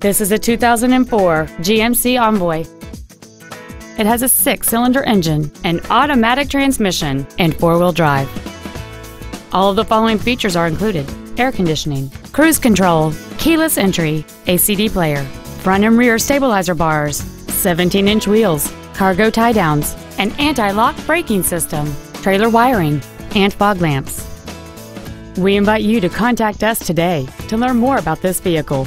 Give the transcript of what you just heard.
This is a 2004 GMC Envoy. It has a six-cylinder engine, an automatic transmission, and four-wheel drive. All of the following features are included. Air conditioning, cruise control, keyless entry, a CD player, front and rear stabilizer bars, 17-inch wheels, cargo tie-downs, an anti-lock braking system, trailer wiring, and fog lamps. We invite you to contact us today to learn more about this vehicle.